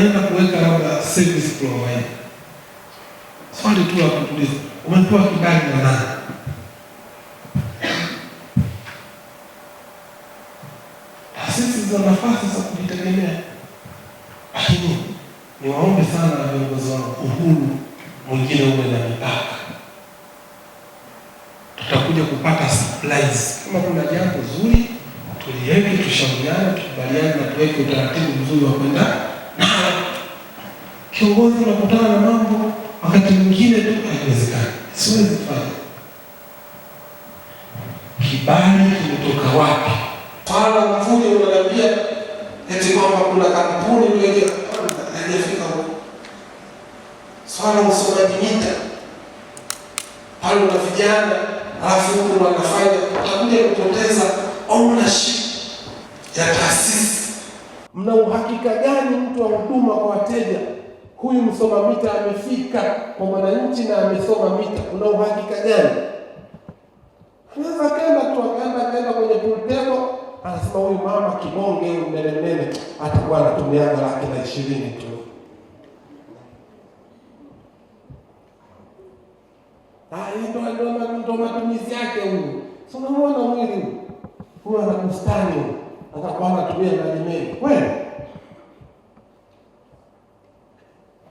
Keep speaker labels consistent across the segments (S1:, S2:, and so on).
S1: anaenda kuweka labda service provider. Swali tu la kutuliza, umepewa kibali na nani? Taasisi zina nafasi za kujitegemea, lakini niwaombe sana na viongozi wangu, uhuru mwingine uwe na mipaka. Tutakuja kupata supplies. Kama kuna jambo zuri tuliweke, tushauriane, tukubaliane na tuweke utaratibu mzuri wa kwenda Kiongozi unakutana na mambo wakati mwingine tu haiwezekani, siwezi kufanya. Kibali kimetoka wapi? Swala mvuja unaniambia eti kwamba kuna kampuni moja aliyefika huko. Swala usomaji mita pale na vijana, alafu huku wanafanya, utakuja kupoteza ownership ya taasisi mna uhakika gani mtu wa huduma kwa wateja huyu msoma mita amefika kwa mwananchi na amesoma mita, una uhakika gani? Anaweza kenda tu akaenda akaenda kwenye pultebo, anasema huyu mama kibonge, huyu mnenemene, atakuwa anatumiaga laki na ishirini tu. Ah, Ndo matumizi yake huyu. Unamwona mwili huyu anakustani atakuwa anatumia maji mengi kweli.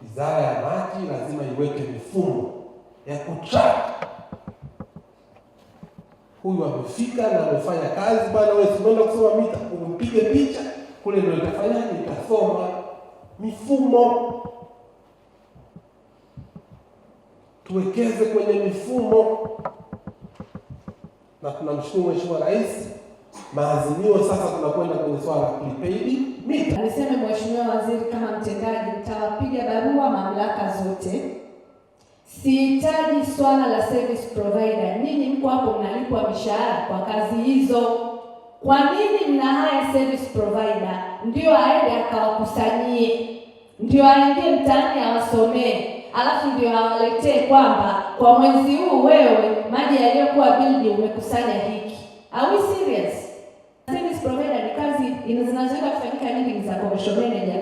S1: Wizara ya maji lazima iweke mifumo ya kuchaka huyu amefika na amefanya kazi bwana, wewe sikwenda kusoma mita, umpige picha kule, ndio itafanyaje? Itasoma mifumo. Tuwekeze kwenye mifumo, na tunamshukuru Mheshimiwa Rais maazimio sasa tunakwenda kwenye swala prepaid
S2: meter. Alisema Mheshimiwa Waziri, kama mtendaji nitawapiga barua mamlaka zote, sihitaji swala la service provider. Nyinyi mko hapo mnalipwa mishahara kwa kazi hizo, kwa nini mna haya service provider? Ndio aende akawakusanyie, ndio aingie mtaani awasomee alafu ndio awaletee kwamba kwa mwezi huu wewe maji yaliyokuwa bildi umekusanya hiki. Are we serious? Service provider ni kazi zinazoenda kufanyika nyingi za commercial manager.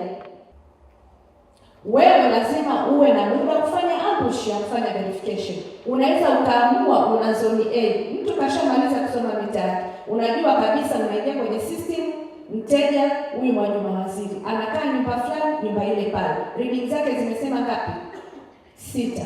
S2: Wewe lazima uwe na muda kufanya ambush ya kufanya verification. Unaweza ukaamua una zone A, mtu kashamaliza kusoma mitaa. unajua kabisa unaingia kwenye system mteja huyu Mwajuma Waziri anakaa nyumba fulani, nyumba ile pale, reading zake zimesema ngapi? Sita.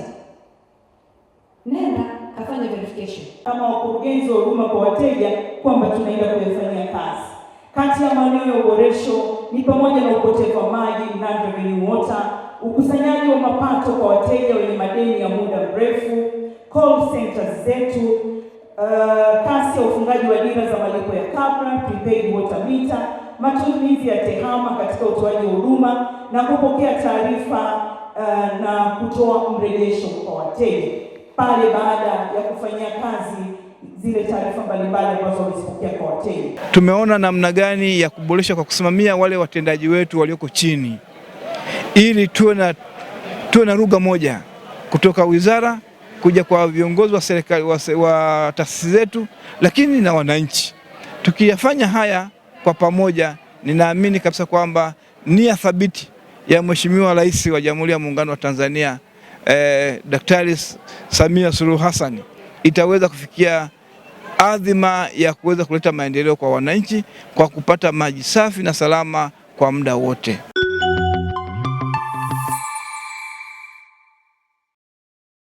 S2: Nenda kafanya verification
S3: kama wakurugenzi wa huduma kwa wateja kwamba tunaenda kuyafanyia kazi. Kati ya maeneo ya uboresho ni pamoja na upotevu wa maji land revenue water, ukusanyaji wa mapato kwa wateja wenye madeni ya muda mrefu, call centers zetu, uh, kasi ya ufungaji wa dira za malipo ya kabla, prepaid water meter, matumizi ya tehama katika utoaji wa huduma na kupokea taarifa uh, na kutoa mrejesho kwa wateja pale baada ya kufanyia kazi zile taarifa mbalimbali ambazo wamezipokea kwa wateja.
S4: Tumeona namna gani ya kuboresha kwa kusimamia wale watendaji wetu walioko chini, ili tuwe na tuwe na lugha moja kutoka wizara kuja kwa viongozi wa serikali wa, wa taasisi zetu, lakini na wananchi. Tukiyafanya haya kwa pamoja, ninaamini kabisa kwamba nia thabiti ya Mheshimiwa Rais wa Jamhuri ya Muungano wa Tanzania eh, Daktari Samia Suluhu Hassan itaweza kufikia adhima ya kuweza kuleta maendeleo kwa wananchi kwa kupata maji safi na salama kwa muda wote.